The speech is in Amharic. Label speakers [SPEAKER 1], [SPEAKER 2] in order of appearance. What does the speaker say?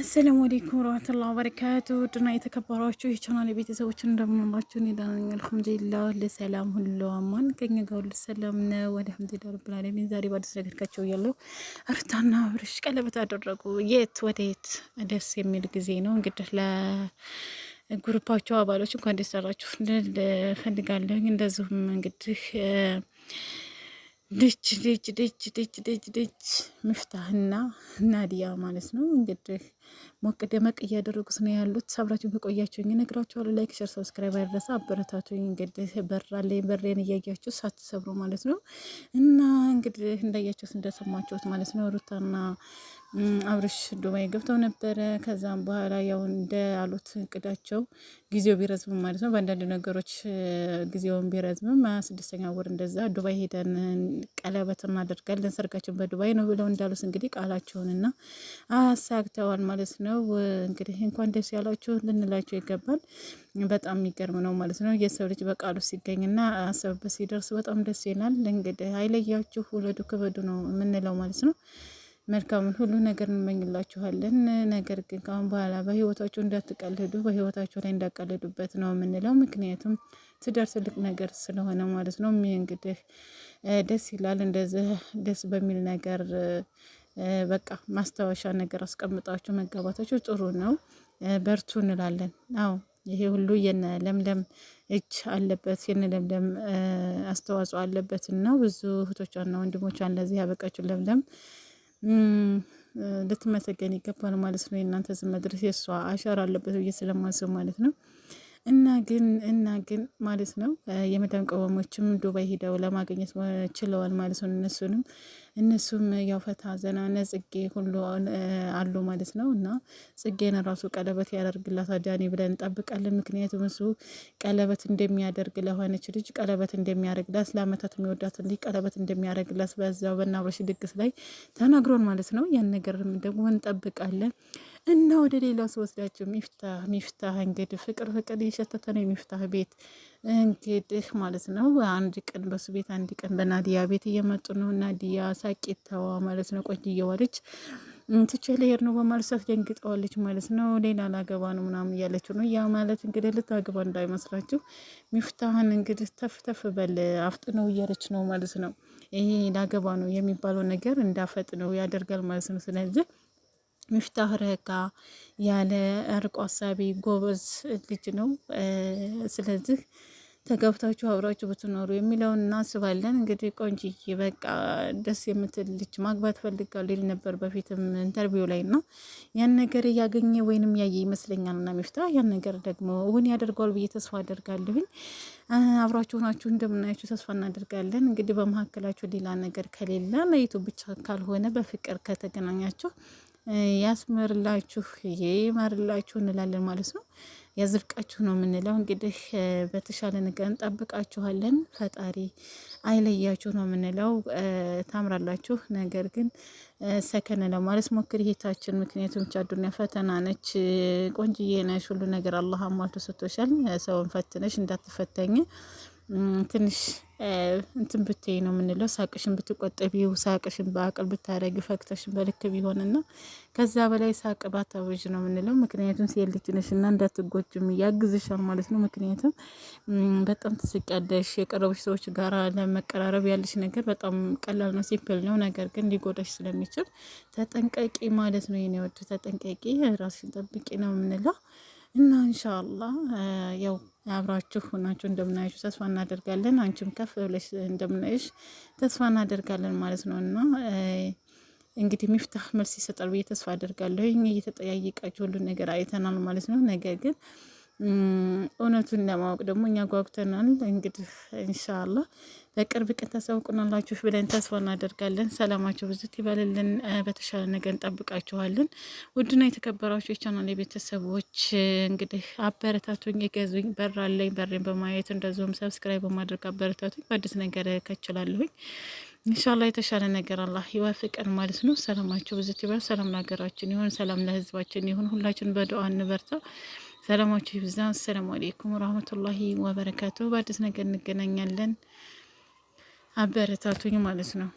[SPEAKER 1] አሰላሙ አለይኩም ወራህመቱላሂ ወበረካቱ ድና የተከበሯችሁ የቻናል ቤተሰቦች እንደምንላችሁ እኔ ደህና ለሰላም ሁሉ አማን ከኛ ጋር ሁሉ ሰላም ነው፣ አልሐምዱሊላህ ረብል ዓለሚን። ዛሬ በአዲስ ነገር ካቸው ያለው ሩታና አብርሽ ቀለበት አደረጉ። የት ወደ የት ደስ የሚል ጊዜ ነው እንግዲህ ለ አባሎች እንኳን ደስ አላችሁ ፈልጋለሁ። እንደዚሁም እንግዲህ ልጅ ልጅ ልጅ ልጅ ልጅ ምፍታህና ናዲያ ማለት ነው እንግዲህ ሞቅ ደመቅ እያደረጉት ነው ያሉት። ሰብራችሁን ከቆያችሁኝ እነግራችኋለሁ። ላይክ፣ ሸር፣ ሰብስክራይብ አይረሳ። አበረታቱኝ። እንግዲህ በራለኝ በሬን እያያችሁ ሳትሰብሩ ማለት ነው እና እንግዲህ እንዳያችሁት እንደሰማችሁት ማለት ነው ሩታና አብርሽ ዱባይ ገብተው ነበረ። ከዛም በኋላ ያው እንደ አሉት እቅዳቸው ጊዜው ቢረዝምም ማለት ነው በአንዳንድ ነገሮች ጊዜውን ቢረዝምም ስድስተኛ ወር እንደዛ ዱባይ ሄደን ቀለበት እናደርጋለን ሰርጋችን በዱባይ ነው ብለው እንዳሉት እንግዲህ ቃላቸውንና አሳግተዋል ማለት ማለት ነው። እንግዲህ እንኳን ደስ ያላችሁ ልንላቸው ይገባል። በጣም የሚገርም ነው ማለት ነው። የሰው ልጅ በቃሉ ሲገኝና አሰብበት ሲደርስ በጣም ደስ ይላል። እንግዲህ አይለያችሁ፣ ውለዱ፣ ክበዱ ነው የምንለው ማለት ነው። መልካምን ሁሉ ነገር እንመኝላችኋለን። ነገር ግን ከአሁን በኋላ በህይወታችሁ እንዳትቀልዱ በህይወታችሁ ላይ እንዳቀልዱበት ነው የምንለው። ምክንያቱም ትዳር ትልቅ ነገር ስለሆነ ማለት ነው። እንግዲህ ደስ ይላል እንደዚህ ደስ በሚል ነገር በቃ ማስታወሻ ነገር አስቀምጣችሁ መጋባታችሁ ጥሩ ነው። በርቱ እንላለን። አዎ ይሄ ሁሉ የነ ለምለም እጅ አለበት፣ የነ ለምለም አስተዋጽኦ አለበት እና ብዙ እህቶቿና ወንድሞቿን ለዚህ ያበቃችው ለምለም ልትመሰገን ይገባል ማለት ነው። የእናንተ ዝም መድረስ የእሷ አሻራ አለበት ብዬ ስለማስብ ማለት ነው። እና ግን እና ግን ማለት ነው የመዳን ቀዋሞችም ዱባይ ሂደው ለማግኘት ችለዋል ማለት ነው። እነሱንም እነሱም ያው ፈታ ዘና ነ ጽጌ ሁሉ አሉ ማለት ነው። እና ጽጌን ራሱ ቀለበት ያደርግላት ዳኒ ብለን እንጠብቃለን። ምክንያቱም እሱ ቀለበት እንደሚያደርግ ለሆነች ልጅ ቀለበት እንደሚያደርግላት ለአመታት የሚወዳት እንዲህ ቀለበት እንደሚያደርግላት በዛው በናብረሽ ድግስ ላይ ተናግሮን ማለት ነው። ያን ነገርም ደግሞ እንጠብቃለን። እና ወደ ሌላ ስወስዳቸው ሚፍታህ ሚፍታህ እንግዲህ ፍቅር ፍቅር እየሸተተ ነው የሚፍታህ ቤት እንግዲህ ማለት ነው። አንድ ቀን በሱ ቤት አንድ ቀን በናዲያ ቤት እየመጡ ነው። ናዲያ ሳቂታዋ ማለት ነው ቆንጅዬዋ እየዋለች ትቼ ልሄድ ነው በማለት ደንግጠዋለች ማለት ነው። ሌላ ላገባ ነው ምናምን እያለችው ነው። ያ ማለት እንግዲህ ልታገባ እንዳይመስላችሁ ሚፍታህን እንግዲህ ተፍ ተፍ በል አፍጥ ነው እያለች ነው ማለት ነው። ይሄ ላገባ ነው የሚባለው ነገር እንዳፈጥ ነው ያደርጋል ማለት ነው። ስለዚህ ሚፍታህ ረጋ ያለ አርቆ አሳቢ ጎበዝ ልጅ ነው። ስለዚህ ተገብታችሁ አብራችሁ ብትኖሩ የሚለውን እናስባለን። እንግዲህ ቆንጅዬ በቃ ደስ የምትል ልጅ ማግባት ፈልጋሉ ይል ነበር በፊትም ኢንተርቪው ላይ እና ያን ነገር እያገኘ ወይንም ያየ ይመስለኛል። እና ሚፍታ ያን ነገር ደግሞ እውን ያደርገዋል ብዬ ተስፋ አደርጋለሁኝ። አብራችሁ ሆናችሁ እንደምናያችሁ ተስፋ እናደርጋለን። እንግዲህ በመካከላችሁ ሌላ ነገር ከሌለ ለዩቱብ ብቻ ካልሆነ በፍቅር ከተገናኛችሁ ያስመርላችሁ ይማርላችሁ እንላለን ማለት ነው። ያዝርቃችሁ ነው የምንለው። እንግዲህ በተሻለ ነገር እንጠብቃችኋለን። ፈጣሪ አይለያችሁ ነው የምንለው። ታምራላችሁ። ነገር ግን ሰከን ለማለት ሞክር ይሄታችን። ምክንያቱም ቻዱኛ ፈተና ነች። ቆንጅዬ ነሽ፣ ሁሉ ነገር አላህ አሟልቶ ሰጥቶሻል። ሰውን ፈትነሽ እንዳትፈተኝ ትንሽ እንትን ብትይ ነው የምንለው። ሳቅሽን ብትቆጠቢው፣ ሳቅሽን በአቅል ብታደረግ፣ ፈክተሽን በልክ ቢሆንና ከዛ በላይ ሳቅ ባታበዥ ነው የምንለው። ምክንያቱም ሴት ልጅ ነሽ እና እንዳትጎጅም እያግዝሻል ማለት ነው። ምክንያቱም በጣም ትስቂያለሽ። የቀረቡሽ ሰዎች ጋር ለመቀራረብ ያለሽ ነገር በጣም ቀላል ነው፣ ሲምፕል ነው። ነገር ግን ሊጎዳሽ ስለሚችል ተጠንቀቂ ማለት ነው። የኔ ወድ ተጠንቀቂ፣ ራስሽን ጠብቂ ነው የምንለው እና ኢንሻአላህ ያው አብራችሁ ናችሁ እንደምናያችሁ ተስፋ እናደርጋለን። አንቺም ከፍ ብለሽ እንደምናይሽ ተስፋ እናደርጋለን ማለት ነው እና እንግዲህ ሚፍታህ መልስ ይሰጣል ብዬ ተስፋ አደርጋለሁ። እየተጠያየቃችሁ ሁሉ ነገር አይተናል ማለት ነው። ነገር ግን እውነቱን ለማወቅ ደግሞ እኛ ጓጉተናል። እንግዲህ እንሻላ በቅርብ ቀን ታሳውቁናላችሁ ብለን ተስፋ እናደርጋለን። ሰላማችሁ ብዙት ይበልልን። በተሻለ ነገር እንጠብቃችኋለን። ውድና የተከበራችሁ የቻናል የቤተሰቦች እንግዲህ አበረታቱኝ፣ የገዙኝ በር አለኝ በሬን በማየት እንደዚሁም ሰብስክራይብ በማድረግ አበረታቱኝ። በአዲስ ነገር ከችላለሁኝ እንሻላ የተሻለ ነገር አላ ይወፍቀን ማለት ነው። ሰላማችሁ ብዙት ይበል። ሰላም ለሀገራችን ይሁን፣ ሰላም ለህዝባችን ይሁን። ሁላችን በዱአ እንበርታ። ሰላማችሁ ይብዛ። አሰላሙ አሌይኩም ወራህመቱላሂ ወበረካቱ። በአዲስ ነገር እንገናኛለን። አበረታቱኝ ማለት ነው።